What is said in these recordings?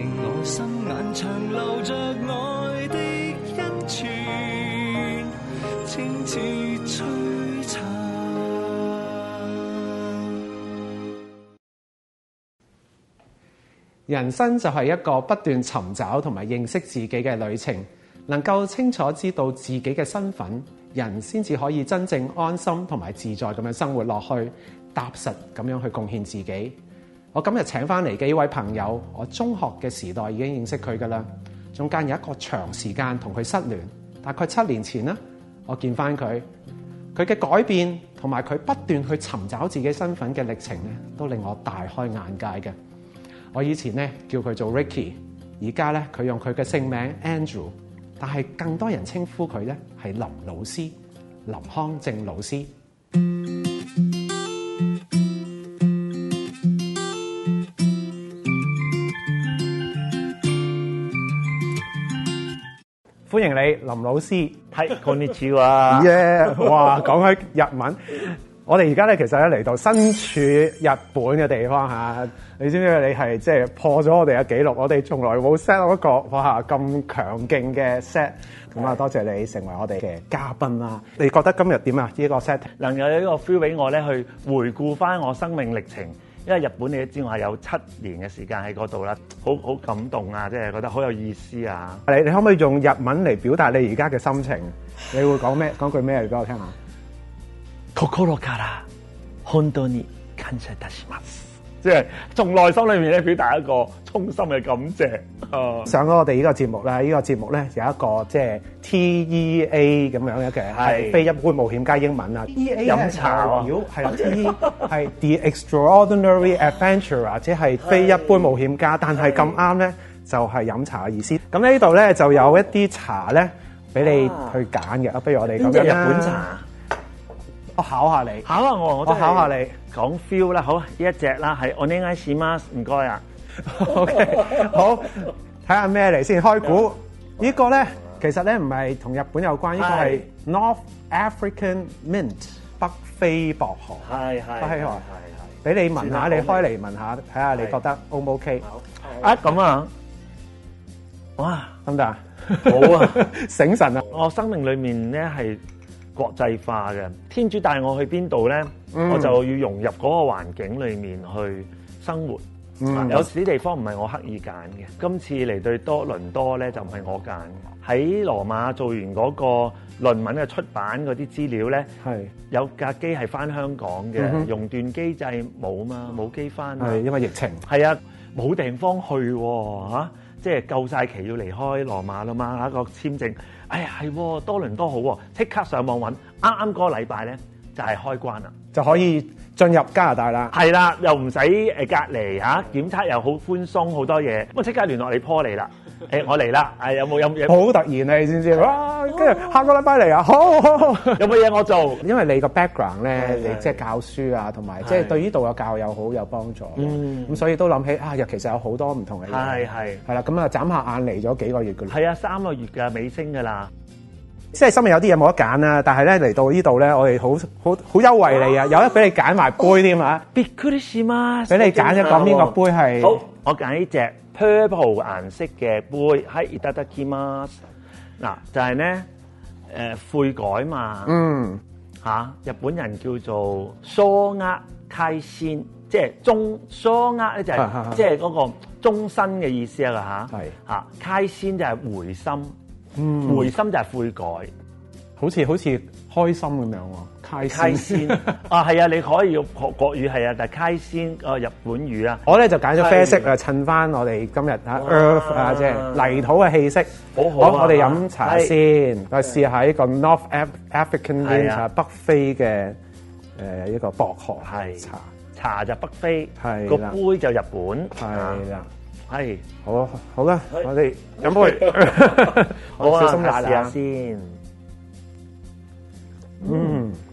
我心眼長留著愛的泉，清澈璀璨。人生就係一個不斷尋找同埋認識自己嘅旅程，能夠清楚知道自己嘅身份，人先至可以真正安心同埋自在咁樣生活落去，踏實咁樣去貢獻自己。我今日請翻嚟嘅呢位朋友，我中學嘅時代已經認識佢噶啦。中間有一個長時間同佢失聯，大概七年前啦，我見翻佢。佢嘅改變同埋佢不斷去尋找自己身份嘅歷程咧，都令我大開眼界嘅。我以前咧叫佢做 Ricky，而家咧佢用佢嘅姓名 Andrew，但係更多人稱呼佢咧係林老師、林康正老師。歡迎你，林老師，Hi，こんにちは，耶！哇，講起日文， 我哋而家咧其實咧嚟到身處日本嘅地方吓，你知唔知？你係即係破咗我哋嘅記錄，我哋從來冇 set 到，那，一個哇咁強勁嘅 set，咁啊多謝你成為我哋嘅嘉賓啦！你覺得今日點啊？呢、這、一個 set 能有一個 feel 俾我咧，去回顧翻我生命歷程。因為日本你都知我係有七年嘅時間喺嗰度啦，好好感動啊，即係覺得好有意思啊你！你你可唔可以用日文嚟表達你而家嘅心情？你會講咩？講句咩嚟俾我聽下？心。即、就、係、是、從內心裏面咧，表達一個衷心嘅感謝、啊。上咗我哋呢個節目啦呢、呢個節目咧有一個即係 T E A 咁樣嘅，係非一般冒險家英文啊。E A 飲茶啊，tea 啦，T 係 The Extraordinary Adventure， 即係非一般冒險家。但係咁啱咧，就係飲茶嘅意思。咁呢度咧就有一啲茶咧俾你去揀嘅，啊，不如我哋咁樣日本茶。我考下你，考下我，我考下你講 feel 啦。好，呢一隻啦，係 Onion Mask，唔該啊。O K，好，睇下咩嚟先。開估呢個咧，其實咧唔係同日本有關，呢個係 North African Mint 北非薄荷。係係北非薄荷。係係俾你聞下，你開嚟聞下，睇下你覺得 O 唔 O K？啊咁啊，哇，咁大，好啊，醒神啊！我生命裏面咧係。國際化嘅，天主帶我去邊度咧，我就要融入嗰個環境裏面去生活。嗯啊、有時啲地方唔係我刻意揀嘅，今次嚟對多倫多咧就唔係我揀。喺羅馬做完嗰個論文嘅出版嗰啲資料咧，有架機係翻香港嘅，熔、嗯、斷機制冇嘛，冇機翻，去？因為疫情。係啊，冇地方去嚇、啊。啊即係夠晒期要離開羅馬啦嘛，一個簽證哎呀係、啊、多倫多好喎、啊，即刻上網揾啱啱個禮拜咧就係、是、開關啦，就可以進入加拿大啦，係啦、啊，又唔使隔離嚇、啊、檢測又好寬鬆好多嘢，咁、啊、即刻聯絡你 call 你啦。誒，我嚟啦！誒，有冇飲嘢？好突然啊，你先知？哇！跟住下個禮拜嚟啊，好好有冇嘢我做？因為你個 background 咧，你即係教書啊，同埋即係對呢度嘅教友好有幫助。嗯，咁所以都諗起啊，又其實有好多唔同嘅係係係啦。咁啊，眨下眼嚟咗幾個月嘅，係啊，三個月噶尾聲噶啦。即係心入有啲嘢冇得揀啦，但係咧嚟到呢度咧，我哋好好好優惠你啊，有得俾你揀埋杯添啊！Be good to see you. 俾你揀一個呢個杯係？好，我揀呢隻。Purple 顏色嘅杯係いただきます，嗱，就係咧誒悔改嘛。嗯、啊、日本人叫做疏呃溪先，即係、就是啊啊就是、終疏呃咧就係即係嗰個終身嘅意思啊嚇。係溪先、啊、就係回心、嗯，回心就係悔改，好似好似開心咁樣喎。溪仙 啊，係啊，你可以學國語，係啊，但溪仙個日本語啊，我咧就揀咗啡色啊，襯翻我哋今日 Earth 啊，即係泥土嘅氣息好、啊。好，我哋飲茶先，我、啊、試一下呢個 North African Tea，、啊、北非嘅誒一個薄荷系茶、啊，茶就北非，係、啊、個杯就日本，係啦、啊，係好啊，啊，啊，好啦，我哋飲杯 好，好啊，小心下試，試下先，嗯。嗯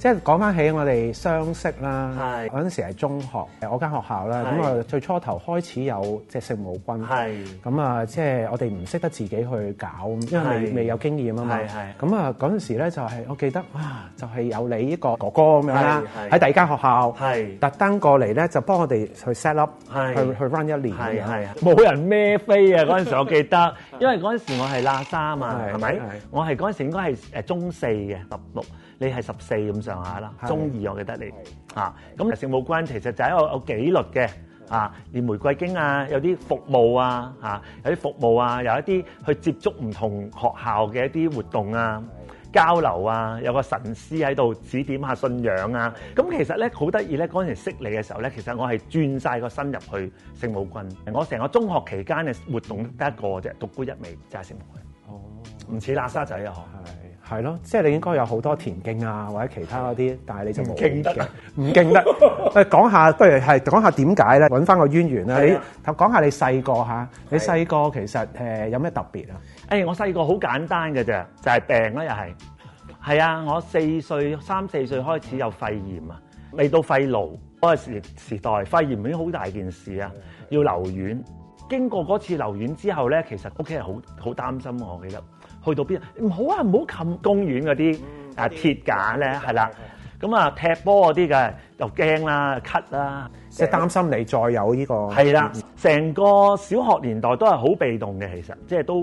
即係講翻起我哋相識啦，嗰陣時係中學，誒我間學校咧，咁啊最初頭開始有即係聖母軍，咁啊即係我哋唔識得自己去搞，因為未未有經驗啊嘛。咁啊嗰陣時咧就係我記得啊，就係有你一個哥哥咁樣喺第二間學校，特登過嚟咧就幫我哋去 set up，去去 run 一年，冇人孭飛啊！嗰陣時我記得，因為嗰陣時我係喇沙啊嘛，係咪？我係嗰陣時應該係誒中四嘅十六。你係十四咁上下啦，中二我記得你啊。咁聖母軍其實就係一個有紀律嘅啊，連玫瑰經啊，有啲服務啊，嚇有啲服務啊，有一啲去接觸唔同學校嘅一啲活動啊、交流啊，有個神師喺度指點下信仰啊。咁其實咧好得意咧，嗰陣識你嘅時候咧，其實我係轉曬個身入去聖母軍，我成個中學期間嘅活動得一個啫，獨孤一味，就係聖母軍。哦，唔似喇沙仔啊！嗬。係。係咯，即係你應該有好多田徑啊或者其他嗰啲，但係你就冇。唔勁得，唔勁得。誒， 講下不如係講下點解咧，揾翻個淵源啊。你講下你細個吓，你細個其實誒、呃、有咩特別啊？誒、哎，我細個好簡單嘅啫，就係、是、病啦，又係。係啊，我四歲、三四歲開始有肺炎啊，未到肺癆嗰個時時代，肺炎已經好大件事啊，要留院。經過嗰次留院之後咧，其實屋企人好好擔心，我記得。去到邊啊？唔好啊，唔好冚公園嗰啲啊鐵架咧，係啦。咁啊，踢波嗰啲嘅又驚啦，咳啦，即係擔心你再有呢個。係啦，成個小學年代都係好被動嘅，其實即係都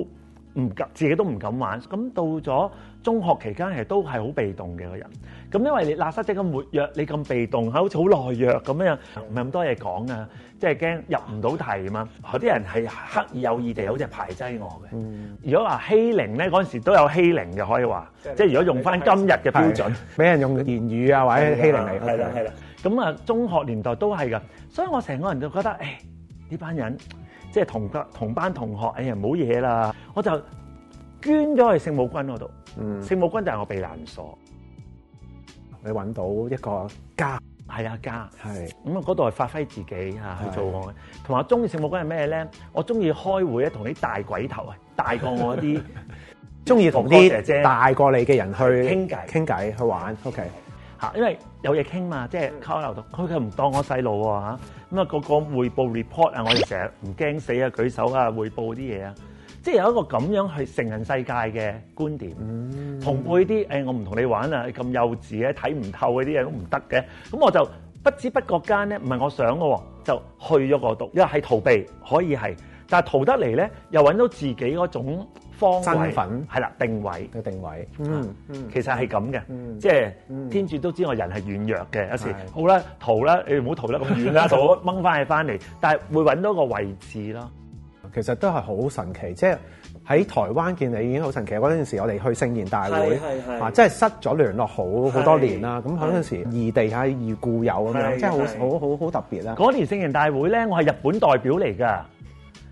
唔敢，自己都唔敢玩。咁到咗。中學期間係都係好被動嘅個人，咁因為你垃圾仔咁活躍，你咁被動嚇，好似好懦弱咁樣，唔係咁多嘢講啊，即係驚入唔到題啊嘛。有啲人係刻意有意地好似排擠我嘅。如果話欺凌咧，嗰陣時都有欺凌嘅，可以話，即係如果用翻今日嘅標準，俾人用言語啊或者欺凌你，係啦係啦。咁啊，中學年代都係噶，所以我成個人就覺得，誒呢班人即係同級同班同學，哎呀冇嘢啦，我就捐咗去聖母軍嗰度。嗯、聖母軍就係我避難所，你搵到一個家，係啊家，係咁啊嗰度係發揮自己去做嘅係、啊、而且我，同埋我中意聖母軍係咩咧？我中意開會咧，同啲大鬼頭啊， 大，的喜歡大過我啲，中意同啲大過你嘅人去傾偈，傾偈去玩，OK，吓，因為有嘢傾嘛，即係交流到，佢佢唔當我細路吓，咁啊個個匯報 report 啊，嗰個、報報報我哋成日唔驚死啊，舉手啊，匯報啲嘢啊。即係有一個咁樣去成人世界嘅觀點，同配啲誒我唔同你玩啊，咁幼稚呀，睇唔透嗰啲嘢都唔得嘅。咁我就不知不覺間咧，唔係我想嘅，就去咗個度，因為係逃避可以係，但係逃得嚟咧，又揾到自己嗰種方位，係啦定位嘅定位。嗯，嗯其實係咁嘅，即係、嗯、天主都知我人係軟弱嘅有時。好啦，逃啦，你唔好逃得咁遠啦，掹翻佢翻嚟，但係會揾到個位置咯。其實都係好神奇，即係喺台灣見你已經好神奇。嗰陣時我哋去聖言大會，嚇、啊，即係失咗聯絡好好多年啦。咁嗰陣時異地係異故友咁樣，即係好好好好特別啦。嗰年聖言大會咧，我係日本代表嚟噶、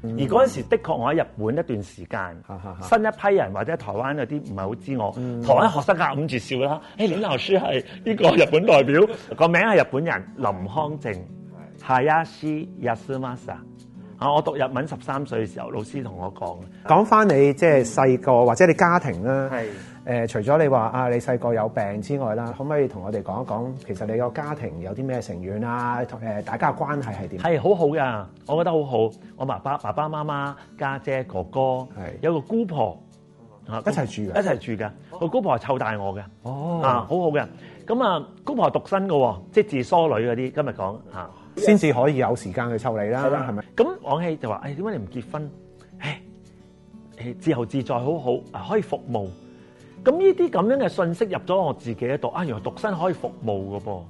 嗯。而嗰陣時，的確我喺日本一段時間、嗯嗯，新一批人或者台灣有啲唔係好知我。嗯、台灣學生夾捂住笑啦，誒、嗯，林、嗯、老師係呢、這個日本代表，個 名係日本人林康正，嗯、是亞斯亞斯馬薩。啊！我讀日文十三歲嘅時候，老師同我講。講返你即係細個，或者你家庭啦。係。誒，除咗你話啊，你細個有病之外啦，可唔可以同我哋講一講？其實你個家庭有啲咩成員啊？同誒大家嘅關係係點？係好好嘅，我覺得好好。我爸爸媽媽、爸爸媽媽、家姐、哥哥，係有個姑婆啊，一齊住嘅，一齊住嘅。個姑婆係湊大我嘅。哦。啊，哦、好好嘅。咁啊，姑婆係獨身嘅喎，即係自梳女嗰啲。今日講啊。先至可以有時間去湊你啦，係咪？咁王希就話：，誒點解你唔結婚？誒誒自由自在好好，可以服務。咁呢啲咁樣嘅信息入咗我自己嘅度，啊，原來獨身可以服務㗎噃，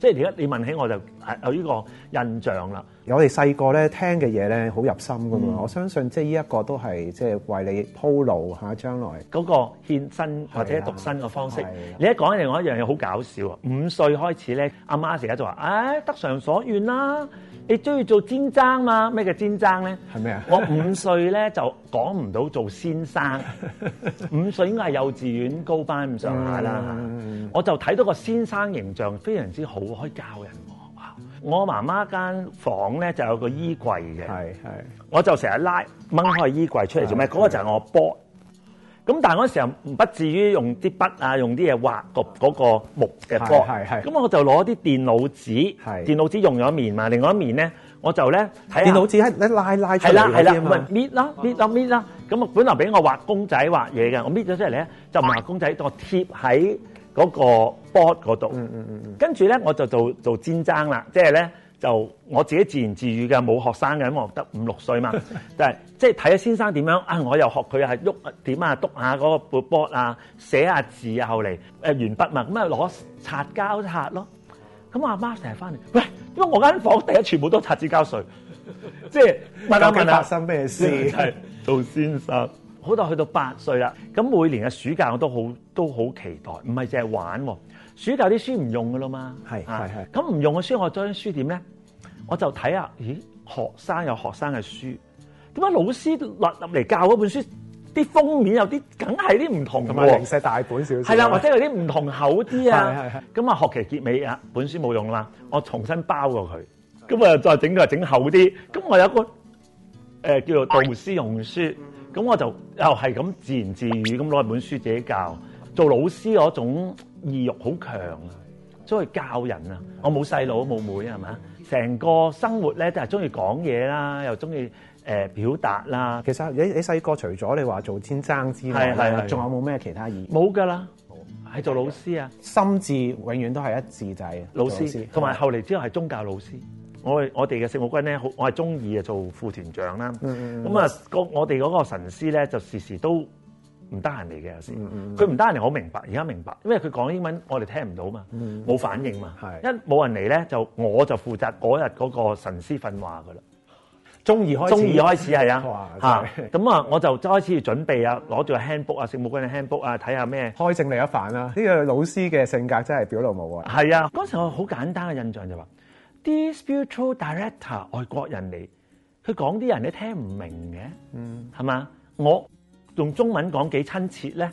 即係而家你問起我就。有依個印象啦！我哋細個咧聽嘅嘢咧好入心噶嘛、嗯，我相信即係呢一個都係即係為你鋪路下將來嗰個獻身或者獨身嘅方式。啊、你一講起嚟，另外一樣嘢好搞笑啊！五歲開始咧，阿媽，媽時刻就話：，唉、哎，得償所願啦！你中意做尖爭嘛？咩叫尖爭咧？係咩啊？我五歲咧就講唔到做先生。 五歲應該係幼稚園高班咁上下啦，啊、我就睇到個先生形象非常之好，可以教人。我媽媽間房咧就有個衣櫃嘅，係係係我就成日拉掹開衣櫃出嚟做咩？嗰個就係我波。咁但嗰時候唔至於用啲筆啊，用啲嘢畫個嗰個木嘅波。咁我就攞啲電腦紙，係係電腦紙用咗面嘛，另外一面咧我就咧電腦紙喺喺拉拉出嚟，係啦係啦，咪搣啦搣啦搣啦。咁啊本來俾我畫公仔畫嘢嘅，我搣咗出嚟咧就唔係公仔，我貼喺嗰、那個 board 嗰度、嗯，跟住咧我就做做煎蒸啦，即係咧就我自己自言自語嘅，冇學生嘅，因為我得五六歲嘛，但 係、就是、即係睇下先生點樣啊、哎，我又學佢係喐點啊，篤下嗰個 board 啊，寫下字啊，後嚟誒鉛筆嘛，咁啊攞擦膠擦咯，咁我阿媽成日翻嚟，喂，因為我間房第一全部都擦紙膠水， 即係問下問下發生咩事，做先生。好到去到八歲啦，咁每年嘅暑假我都好都好期待，唔係淨係玩。暑假啲書唔用噶啦嘛，係係係。咁唔、啊、用嘅書我將書點咧？我就睇下，咦，學生有學生嘅書，點解老師立立嚟，教嗰本書，啲封面有啲梗係啲唔同、啊，同埋零舍大本少少係啦，或者有啲唔同厚啲啊。咁啊，學期結尾啊，本書冇用啦，我重新包過佢，咁啊再整佢整厚啲，咁我有個誒、呃、叫做導師用書。咁我就又係咁自言自語咁攞一本書自己教，做老師嗰種意欲好強啊，中意教人啊，我冇細路冇妹係咪？成個生活咧都係中意講嘢啦，又中意誒表達啦。其實你你細個除咗你話做先生之外，係仲有冇咩其他意義？冇㗎啦，係做老師啊，心智永遠都係一字仔、就係。老師，同埋後嚟之後係宗教老師。我我哋嘅聖母軍咧，好我係中二啊，做副團長啦。咁、嗯、啊，我哋嗰個神師咧，就時時都唔得閒嚟嘅有時。佢唔得閒嚟，好明白。而家明白，因為佢講英文，我哋聽唔到嘛，冇、嗯、反應嘛。一冇人嚟咧，就我就負責嗰日嗰個神師訓話噶啦。中二開中二開始係啊，咁啊，我就開始準備啊，攞住 handbook 啊，聖母軍嘅 handbook 啊，睇下咩開正你一飯啦。呢、這個老師嘅性格真係表露無啊。係啊，嗰時候我好簡單嘅印象就話、是。啲 spiritual director 外國人嚟，佢講啲人你聽唔明嘅，係、嗯、嘛？我用中文講幾親切咧。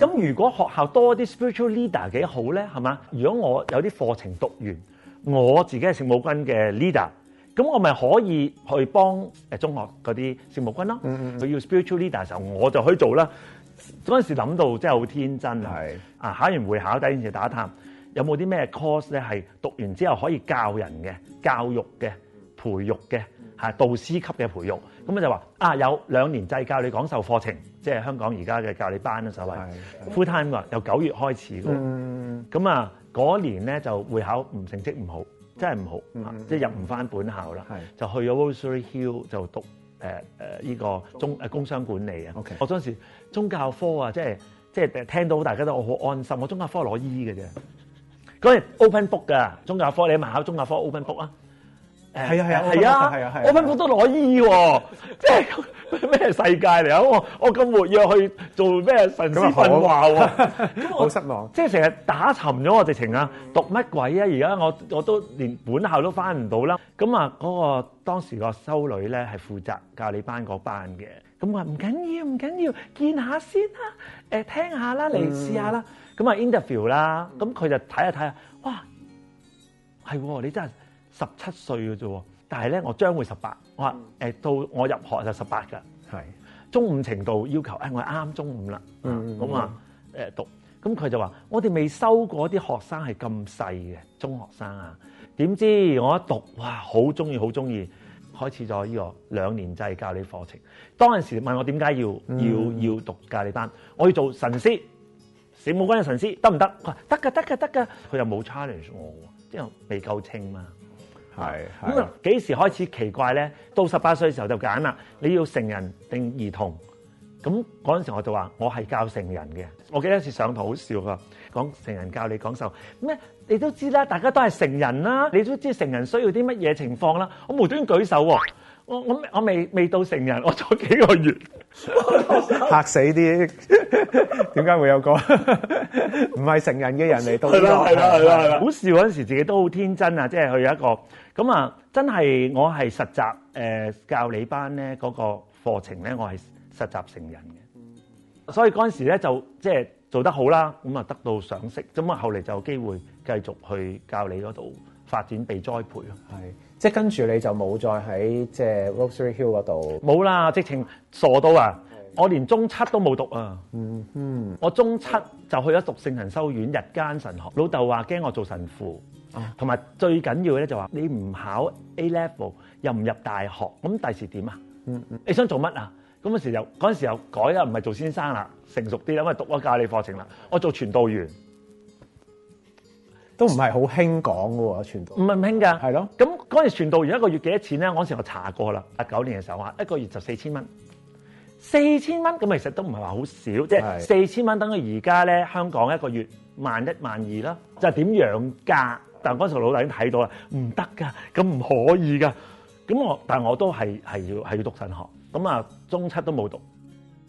咁、嗯、如果學校多啲 spiritual leader 幾好咧，係嘛？如果我有啲課程讀完，我自己係聖母軍嘅 leader，咁我咪可以去幫中學嗰啲聖母軍咯。佢、嗯、要 spiritual leader 嘅時候，我就可以做啦。嗰陣時諗到真係好天真啊，考完會考第一件事打探。有冇啲咩 course 咧？係讀完之後可以教人嘅、教育嘅、培育嘅嚇，導師級嘅培育咁啊？就話啊，有兩年制教你講授課程，即、就、係、是、香港而家嘅教你班啦，所謂 full time 喎。Full-time, 由九月開始，咁啊嗰年咧就會考，唔成績唔好，真係唔好，嗯、即係入唔翻本校啦，就去咗 Rosary Hill 就讀呢、呃呃這個中工商管理啊。Okay. 我嗰陣時宗教科啊，即係即係聽到大家都我好安心，我宗教科攞 E 嘅啫。嗰陣 open book 噶中教科，你咪考中教科 open book 啊！誒係啊係啊係啊係啊！open book 都攞 E 喎，即係咩世界嚟啊！我我咁活躍去做咩神話喎？好失望！即係成日打沉咗我直情啊！讀乜鬼啊！而家我我都連本校都翻唔到啦！咁啊，嗰個當時個修女咧係負責教你班嗰班嘅。咁我話唔緊要，唔緊要，見下先啦，誒聽下啦，嚟試下啦。咁啊 interview 啦，咁佢就睇下睇下，哇，係喎，你真係十七歲嘅啫，但係咧我將會十八、mm-hmm.。我話誒到我入學就十八㗎，係、mm-hmm. 中五程度要求，誒、哎、我啱中五啦，咁、mm-hmm. 啊誒讀，咁佢就話我哋未收過啲學生係咁細嘅中學生啊，點知我一讀哇好中意，好中意。很喜歡。開始咗呢個兩年制教理課程。當陣時問我點解要、嗯、要要讀教理班，我要做神師，聖母軍嘅神師得唔得？話得㗎得㗎得㗎，佢又冇 challenge 我喎，即係未夠清嘛。係咁幾時開始奇怪咧？到十八歲時候就揀啦，你要成人定兒童？咁嗰陣時我就話我係教成人嘅。我記得一次上堂好笑噶，講成人教理講授咩？你都知啦，大家都係成人啦，你都知成人需要啲乜嘢情況啦。我無端舉手喎，我我我未未到成人，我坐幾個月 嚇死啲，點解會有個唔係成人嘅人嚟到？係啦係啦係啦係啦，好笑嗰陣時自己都好天真啊！即係去一個咁啊，真係我係實習誒、呃、教理班咧嗰、嗰個課程咧，我係實習成人嘅，所以嗰陣時咧就即係。做得好啦，咁啊得到賞識，咁啊後嚟就有機會繼續去教你嗰度發展被栽培咯。係，即係跟住你就冇再喺即係、就是、Rosary Hill 嗰度。冇啦，直情傻到啊！我連中七都冇讀啊。嗯嗯，我中七就去咗讀聖神修院日間神學。老豆話驚我做神父，同、啊、埋最緊要咧就話你唔考 A Level 又唔入大學，咁第時點啊？嗯嗯，你想做乜啊？咁嗰時又嗰陣時又改啊，唔係做先生啦，成熟啲，因為讀咗教理課程啦，我做傳道員，都唔係好興講嘅喎，傳道唔係唔興㗎，係咯。咁嗰陣時候傳道員一個月幾多錢咧？嗰陣時候我查過啦，八九年嘅時候話一個月就四千蚊，四千蚊咁其實都唔係話好少，即係四千蚊等於而家咧香港一個月萬一萬二啦。就點樣養家？但嗰陣時候我老豆已經睇到啦，唔得㗎，咁唔可以㗎。咁我但係我都係係要係要讀神學。咁啊，中七都冇讀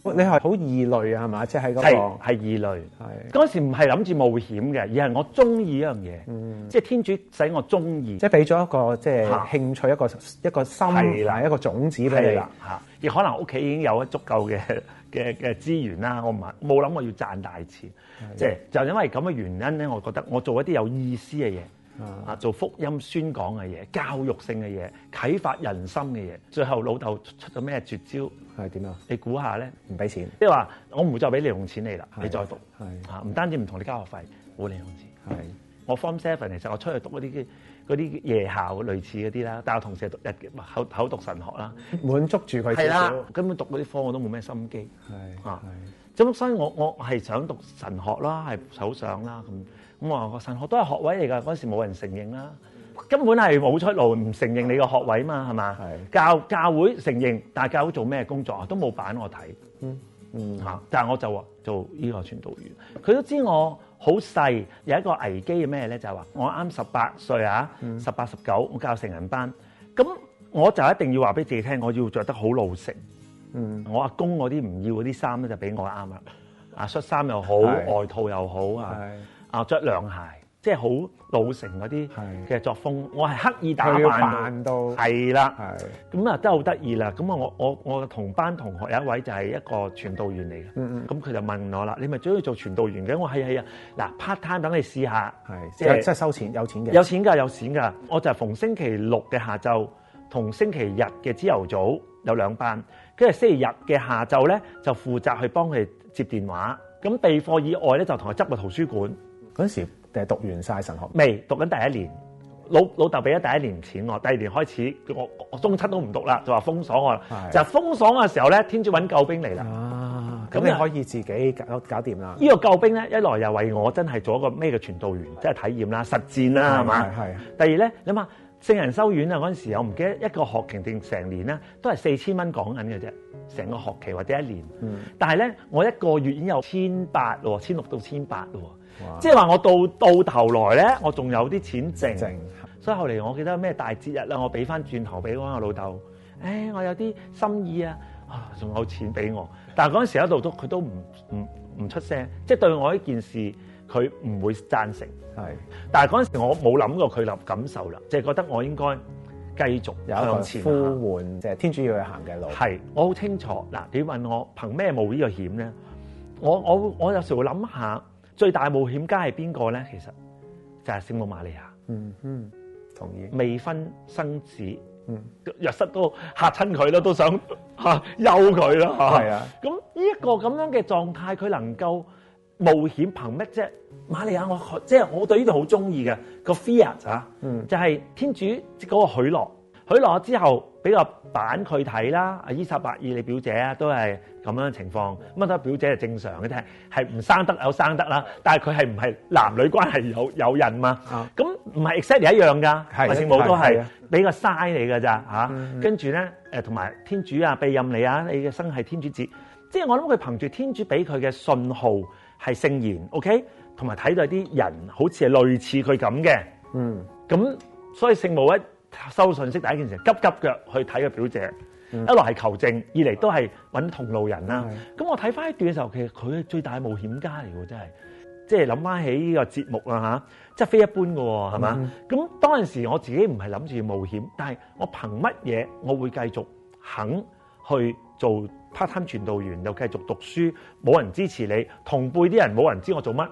你，你係好異類啊，係嘛？即係嗰個係異類。係嗰時唔係諗住冒險嘅，而係我中意一樣嘢。嗯，即係天主使我中意，即係俾咗一個即係興趣，一個一個心，啦，一個種子俾你。啦，亦可能屋企已經有足夠嘅嘅嘅資源啦，我唔冇諗我要賺大錢。即係就，就因為咁嘅原因咧，我覺得我做一啲有意思嘅嘢。啊！做福音宣講嘅嘢，教育性嘅嘢，啟發人心嘅嘢。最後老豆出咗咩絕招？係點啊？你估下咧？唔俾錢，即係話我唔會再俾你用錢嚟啦。你再讀，吓唔、啊、單止唔同你交學費，冇俾你用錢。係我 Form 7其實我出去讀嗰啲嗰啲夜校類似嗰啲啦。但係我同時係讀日口口讀神學啦，滿足住佢。係啦，根本讀嗰啲科我都冇咩心機。係啊，所以我我係想讀神學啦，係想啦咁。咁話個神學都係學位嚟㗎，嗰時冇人承認啦，根本係冇出路，唔承認你個學位嘛，係嘛？教教會承認，但係教會做咩工作啊？都冇版我睇，嗯嗯嚇。但係我就話做呢個傳道員，佢都知道我好細，有一個危機嘅咩咧？就係、是、話我啱十八歲啊，十八十九，18, 19，我教成人班，咁我就一定要話俾自己聽，我要着得好老成，嗯。我阿公嗰啲唔要嗰啲衫咧，就俾我啱啦。啊，恤衫又好，外套又好啊。啊，著涼鞋，即係好老成嗰啲嘅作風。係我係刻意打扮，扮到，係啦。咁啊，真係好得意啦。咁啊，我我我同班同學有一位就係一個傳道員嚟嘅。嗯嗯。咁佢就問我啦：你咪中意做傳道員嘅？我係啊係啊。嗱，part time 等你試下。係，即係、即係收錢有錢嘅。有錢㗎，有錢㗎。我就係逢星期六嘅下晝同星期日嘅朝頭早有兩班，跟住星期日嘅下晝咧就負責去幫佢接電話。咁備課以外咧就同佢執個圖書館。嗰陣時誒讀完晒神學未？讀緊第一年，老老豆俾咗第一年錢我，第二年開始我我中七都唔讀啦，就話封鎖我啦。就封鎖嘅時候咧，天主揾救兵嚟啦。啊，咁你可以自己搞搞掂啦。呢個救兵咧，一來又為我真係做一個咩嘅傳道員，即係體驗啦、實踐啦，係嘛？係。第二咧，你諗下，聖人修院啊嗰陣時，我唔記得一個學期定成年咧，都係四千蚊港銀嘅啫，成個學期或者一年。嗯。但係咧，我一個月已經有千八喎，千六到千八喎。即係話我到到頭來咧，我仲有啲錢剩正正，所以後嚟我記得咩大節日呢，我俾翻轉頭俾我老豆。誒、哎，我有啲心意啊，啊，仲有錢俾我。但係嗰陣時喺度都佢都唔唔唔出聲，即係對我呢件事佢唔會贊成。係，但係嗰陣時我冇諗過佢立感受啦，即係覺得我應該繼續向前一有一種呼喚，即係天主要去行嘅路。係，我好清楚。嗱，你問我憑咩冒呢個險咧？我我我有時會諗下。最大的冒險家係邊個咧？其實就係聖母瑪利亞。嗯嗯，同意。未婚生子，嗯，約瑟都嚇親佢咯，都想嚇休佢啦啊。係啊。咁呢一個咁樣嘅狀態，佢能夠冒險，憑乜啫？瑪利亞，我即係、就是、我對呢度好中意嘅個 fear 啊。嗯，就係、是、天主嗰個許諾。佢落之後俾個板佢睇啦，阿伊沙伯爾你表姐啊都係咁樣情況，乜都表姐係正常嘅啫，係唔生得有生得啦，但係佢係唔係男女關係有有孕嘛？咁唔係 exactly 一樣噶，聖母都係俾個嘥你噶咋、嗯嗯、跟住咧同埋天主啊庇任你啊，你嘅生係天主子，即係我諗佢憑住天主俾佢嘅信號係聖言，OK，同埋睇到啲人好似係類似佢咁嘅，嗯，咁所以聖母一、啊收信息第一件事，急急腳去睇個表姐，嗯、一來係求證，二嚟都係揾同路人啦、啊。咁、嗯、我睇翻一段嘅時候，其實佢係最大嘅冒險家嚟嘅，真係，即係諗翻起呢個節目啦吓、啊，即係非一般嘅、哦，係、嗯、嘛？咁當陣時我自己唔係諗住冒險，但係我憑乜嘢我會繼續肯去做 part time 傳道員，又繼續讀書，冇人支持你，同輩啲人冇人知道我做乜？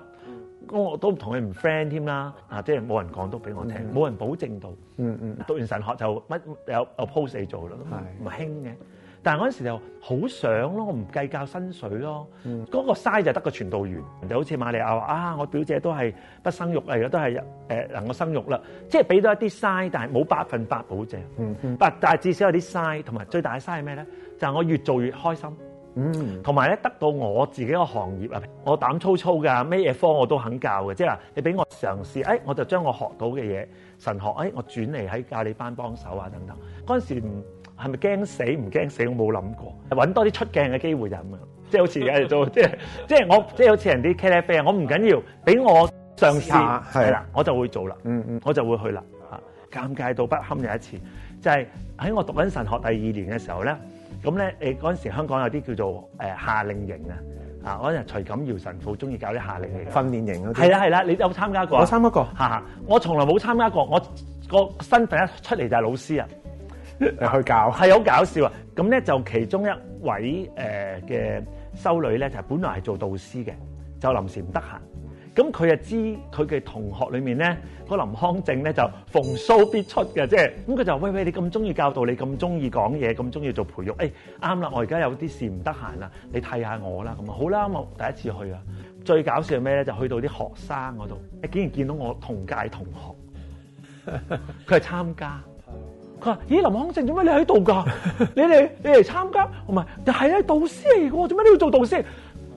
我都唔同佢唔 friend 添啦，啊，即係冇人講都俾我聽，冇、mm-hmm. 人保證到。嗯嗯。讀完神學就乜有有 post 嚟做咯，唔係興嘅。但係嗰陣時又好想咯，唔計較薪水咯。嗰、mm-hmm. 個嘥就得個傳道員，就好似瑪利亞話啊，我表姐都係不生育，而家都係誒、呃、能夠生育啦。即係俾到一啲嘥，但係冇百分百保證。嗯嗯。但係至少有啲嘥，同埋最大嘅嘥係咩咧？就係、我越做越開心。嗯，同埋咧得到我自己個行業啊，我膽粗粗噶，咩嘢科我都肯教嘅，即係話你俾我嘗試，誒、哎、我就將我學到嘅嘢神學，誒、哎、我轉嚟喺教理班幫手啊等等，嗰陣時唔係咪驚死唔驚死，我冇諗過，搵多啲出鏡嘅機會就咁樣，即係好似我嚟做，即係即係我即係好似人啲茄喱啡啊，我唔緊要，俾我嘗試係啦，我就會做啦，嗯嗯，我就會去啦吓、啊，尷尬到不堪有一次，嗯、就係、是、喺我讀緊神學第二年嘅時候咧。咁咧，誒嗰陣時香港有啲叫做夏令營啊，啊嗰陣徐錦堯神父中意搞啲夏令營訓練營嗰啲，係啦係啦，你有參加過？我參加過，嚇！我從來冇參加過，我個身份一出嚟就係老師啊，去教係好搞笑啊！咁咧就其中一位嘅修女咧就係本來係做導師嘅，就臨時唔得閒。咁佢就知佢嘅同學裏面咧，個林康正咧就逢騷必出嘅，即係咁佢就話：喂喂，你咁中意教導，你咁中意講嘢，咁中意做培育，誒啱啦！我而家有啲事唔得閒啦，你替下我啦。咁啊好啦，我第一次去啊， 最搞笑係咩咧？就去到啲學生嗰度，竟然見到我同屆同學，佢係參加，佢話：咦，林康正做咩你喺度㗎？你嚟你嚟參加？唔係，係啊，導師嚟嘅，做咩都要做導師？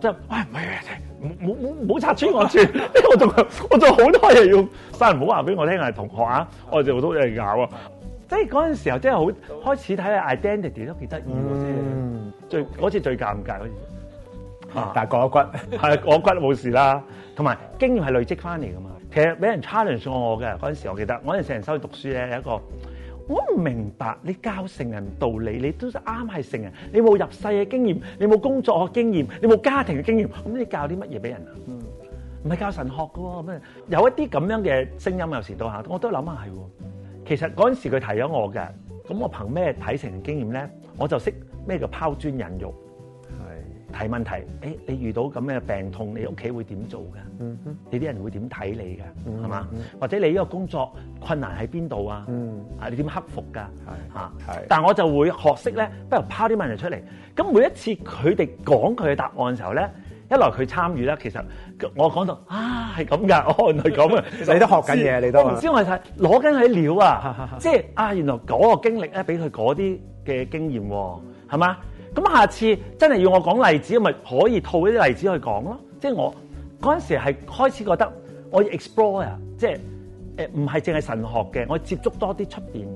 就喂，唔係。冇冇冇拆穿我住， 我仲我仲好多嘢要，生唔好話俾我聽，係同學啊， 我哋好多嘢咬啊， 即係嗰陣時候真係好 開始睇下 identity 都幾得意嘅啫，最嗰 次最尷尬嗰次，啊、 但係割咗骨，係割骨冇事啦，同埋經驗係累積翻嚟噶嘛。其實俾人 challenge 過我嘅嗰陣時，我記得我嗰陣成日收港讀書咧有一個。我唔明白你教成人道理，你都啱係成人，你冇入世嘅經驗，你冇工作嘅經驗，你冇家庭嘅經驗，咁你教啲乜嘢俾人啊？嗯，唔係教神學嘅喎，咩？有一啲咁樣嘅聲音，有時到下我都諗下係喎。其實嗰陣時佢提咗我嘅，咁我憑咩睇成人經驗咧？我就識咩叫拋磚引玉。睇問題，誒、哎，你遇到咁嘅病痛，你屋企會點做㗎？嗯哼，你啲人會點睇你㗎？嗯，係嘛？或者你呢個工作困難喺邊度啊？嗯，怎啊，你點克服㗎？係，嚇，係。但係我就會學識咧，不如拋啲問題出嚟。咁每一次佢哋講佢嘅答案嘅時候咧，一來佢參與啦，其實我講到啊，係咁㗎，原來係咁啊，你都學緊嘢，你都唔知我係睇攞緊啲料啊， 即係啊，原來嗰個經歷咧，俾佢嗰啲嘅經驗喎、啊，係嘛？咁下次真係要我講例子，咪可以套啲例子去講咯。即係我嗰陣時係開始覺得我要 explore 啊，呃，我 explore，即係誒唔係淨係神學嘅，我接觸多啲出邊。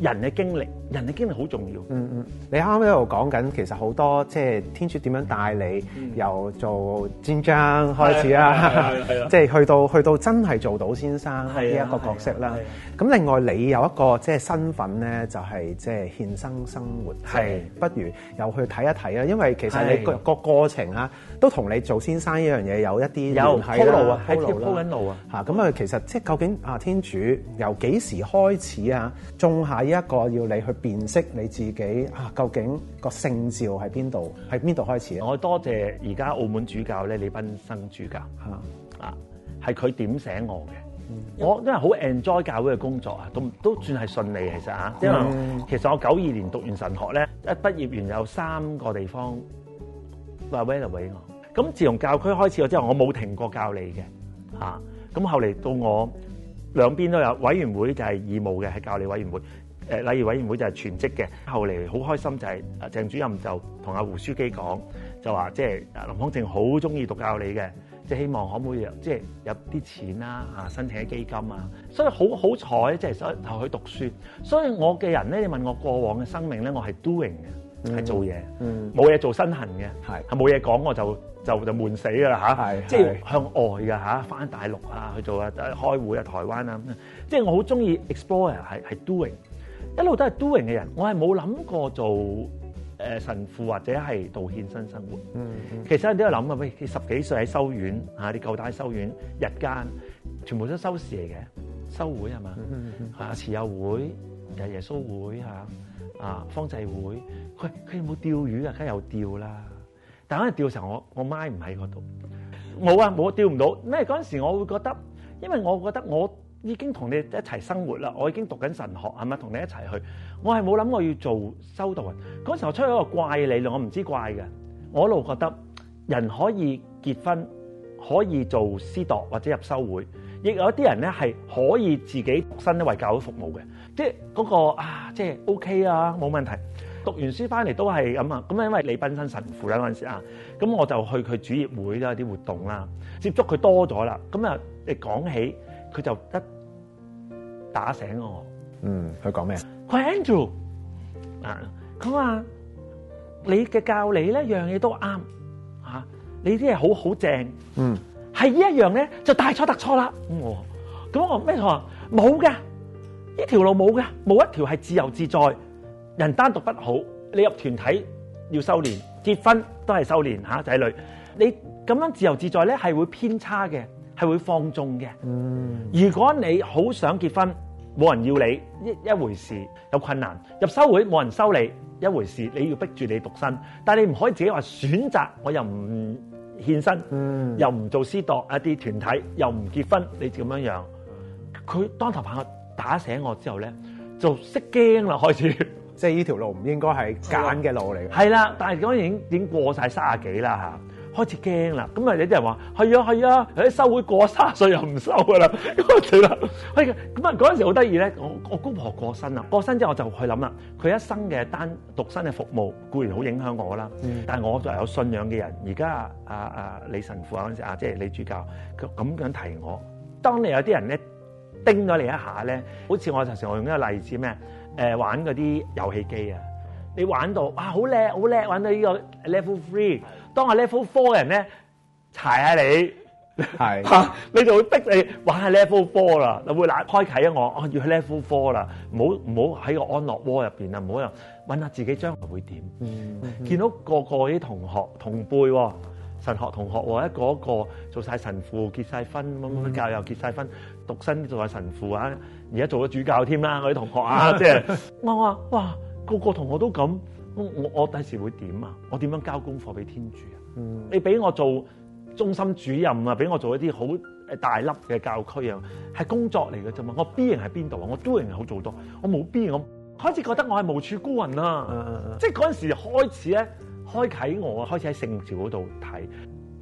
人嘅經歷，人嘅經歷好重要。嗯嗯，你啱啱一路講緊，其實好多即係、就是、天主點樣帶你，嗯、由做戰將開始啦，即係、啊啊啊啊就是、去到去到真係做到先生呢一個角色啦。咁、啊啊啊啊、另外你有一個即係身份咧，就係即係獻身生活。係、啊，不如又去睇一睇啦，因為其實你個個過程嚇。都同你做先生呢樣嘢有一啲有鋪路啊，係鋪緊路啊！吓，咁啊、嗯嗯嗯，其實即係究竟啊，天主由幾時開始啊，種下呢一個要你去辨識你自己啊，究竟個聖召喺邊度，喺邊度開始、啊？我多謝而家澳門主教咧，李斌生主教吓啊，係、嗯、佢點醒我嘅、嗯。我因為好 enjoy 教會嘅工作啊，都都算係順利其實啊，因為，其實、嗯、因為其實我九二年讀完神學咧，一畢業完有三個地方話 welcome 俾我。咁自從教區開始我之後，我冇停過教理嘅，咁、啊、後嚟到我兩邊都有委員會，就係義務嘅，係教理委員會。誒禮儀委員會就係全職嘅。後嚟好開心就係、是、鄭、啊、主任就同阿、啊、胡書基講，就話即係林康正好中意讀教理嘅，即、就、係、是、希望可唔可以即係、就是、有啲錢啦、啊、申請啲基金啊。所以好好彩，即係所以去讀書。所以我嘅人咧，你問我過往嘅生命咧，我係 doing 嘅，係、嗯、做嘢，冇、嗯、嘢做身痕嘅，係冇嘢講我就。就就悶死噶啦嚇！即係向外嘅嚇，返大陸啊，去做啊，開會啊，台灣啊咁啊！即係我好中意 explore，係係 doing，一路都係 doing 嘅人。我係冇諗過做誒、呃、神父或者係道獻身生活嗯。嗯，其實你都有諗嘅，喂，佢十幾歲喺修院嚇、啊，你舊大修院日間全部都修士嚟嘅，修會係嘛？嗯嗯嗯，啊，慈幼會、耶穌會嚇，啊，啊方濟會，喂，佢有冇釣魚啊？梗係有釣啦。但嗰吊成我我媽唔喺嗰度，冇啊，冇吊唔到。因為嗰陣時，我會覺得，因為我覺得我已經同你一齊生活啦，我已經讀緊神學，係咪同你一齊去？我係冇諗我要做修道人。嗰時候出咗個怪理論，我唔知怪嘅，我一路覺得人可以結婚，可以做司鐸或者入修會，亦有啲人咧係可以自己獨身呢為教育服務嘅，即係嗰個啊，即係 OK 啊，冇問題。讀完書返嚟都係咁呀，咁因為李斌生神父喇嗰時呀，咁我就去佢主業會啦啲活動啦，接觸佢多咗啦，咁你講起，佢就一打醒我。嗯，佢講咩呀？Andrew, 呃,人單獨不好，你入團體要修煉，結婚都係修煉吓仔、啊、女。你咁樣自由自在呢，係會偏差嘅，係會放縱嘅。嗯，如果你好想結婚，冇人要你一一回事，有困難入修會冇人收你一回事，你要逼住你獨身，但係你唔可以自己話選擇，我又唔獻身，嗯、又唔做私度一啲團體，又唔結婚，你咁樣樣，佢當頭棒打醒我之後呢，就識驚啦開始。即係呢條路唔應該係揀嘅路嚟，係啦。但係嗰陣已經已經過晒三啊幾啦，吓，開始驚啦。咁啊有啲人話係啊係啊，有、啊啊、收會過三十歲又唔收噶啦。咁啊死啦！係咁啊嗰陣時好得意咧。我我姑婆過身啦，過身之後我就去諗啦。佢一生嘅單獨身嘅服務固然好影響我啦，但係我就係有信仰嘅人，而家啊啊李神父啊嗰陣時啊，即係李主教佢咁樣提我。當你有啲人咧叮咗你一下咧，好似我頭先我用嗰個例子咩？誒玩嗰啲遊戲機啊！你玩到啊，好叻好叻，玩到呢個 level three。當係 level four 嘅人咧，踩下你，嚇 你就會逼你玩下 level four 啦。就會難開啓啊！我要去 level four 啦，唔好唔好喺個安樂窩入邊啊，唔好又揾下自己將來會點、嗯嗯。見到個個啲同學同輩、哦、神學同學，一個一個做晒神父，結晒婚，乜、嗯、乜教又結晒婚，獨身做晒神父啊！而家做咗主教添啦，我啲同學啊，即 係、就是、我話：哇，個個同學都咁，我我第時會點啊？我點樣,樣交功課俾天主啊？嗯，你俾我做中心主任啊，俾我做一啲好誒大粒嘅教區啊，係工作嚟嘅啫嘛。我 B 型係邊度啊？我 D 型好做多，我冇 B 型，我開始覺得我係無處孤雲啊、嗯。即係嗰陣時開始咧，開啟我開始喺聖召嗰度睇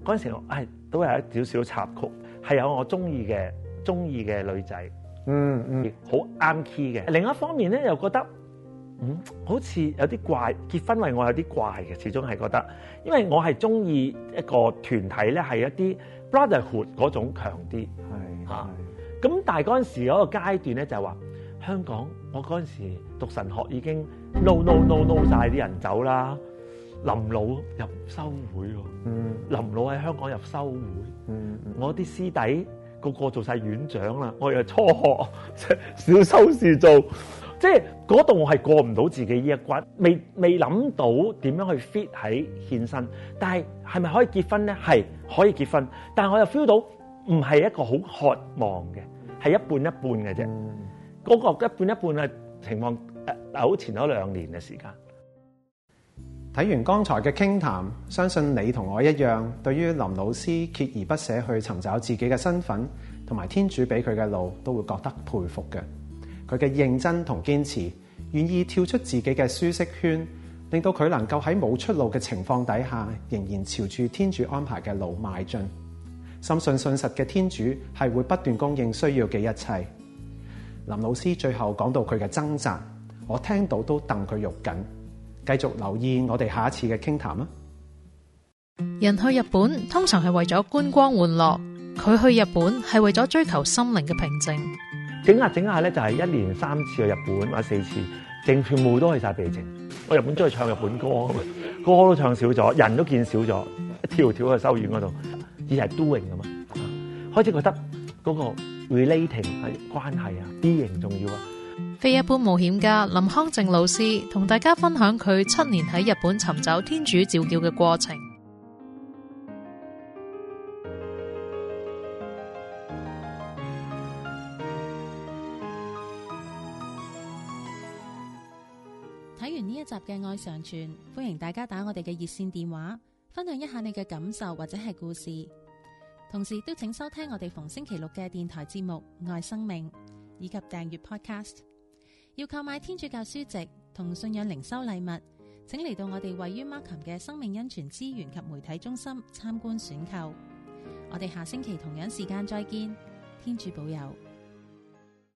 嗰陣時我，我、哎、係都有一少少插曲，係有我中意嘅中意嘅女仔。嗯嗯，好啱 key 嘅。另一方面咧，又覺得嗯好似有啲怪，結婚為我有啲怪嘅，始終係覺得，因為我係中意一個團體咧，係一啲 brotherhood 嗰種強啲，係係。咁、啊、但係嗰陣時嗰個階段咧，就係、是、話香港，我嗰陣時讀神學已經 no no no no 曬、no，啲人走啦，臨老入修會喎，嗯，臨老喺香港入修會，嗯，嗯我啲師弟。個個做晒院長啦，我又初學，少收事做，即係嗰度我係過唔到自己呢一關，未未諗到點樣去 fit 喺獻身，但係係咪可以結婚咧？係可以結婚，但係我又 feel 到唔係一個好渴望嘅，係一半一半嘅啫。嗰、嗯、個一半一半嘅情況，呃、好前咗兩年嘅時間。睇完剛才嘅傾談，相信你同我一樣，對於林老師鍥而不捨去尋找自己嘅身份，同埋天主俾佢嘅路，都會覺得佩服嘅。佢嘅認真同堅持，願意跳出自己嘅舒適圈，令到佢能夠喺冇出路嘅情況底下，仍然朝住天主安排嘅路邁進。深信信實嘅天主係會不斷供應需要嘅一切。林老師最後講到佢嘅掙扎，我聽到都戥佢肉緊。繼續留意我哋下一次嘅傾談。人去日本通常係為咗觀光玩樂，佢去日本係為咗追求心靈嘅平靜。整下整下咧，就係一年三次去日本或者四次，整全部都去曬秘境。我日本中意唱日本歌，歌，歌都唱少咗，人都見少咗，一條條去修院嗰度，只係 doing 咁嘛，開始覺得嗰個 relating 係關係啊，d 型重要啊。非一般冒險家林康正老師同大家分享佢七年喺日本尋找天主召叫嘅過程。睇完呢一集嘅《愛上傳》，歡迎大家打我哋嘅熱線電話，分享一下你嘅感受或者係故事。同時，都請收聽我哋逢星期六嘅電台節目《愛生命》，以及訂閱 Podcast。要購買天主教書籍同信仰靈修禮物，請嚟到我哋位於 Markham 嘅生命恩泉資源及媒體中心參觀選購。我哋下星期同樣時間再見，天主保佑。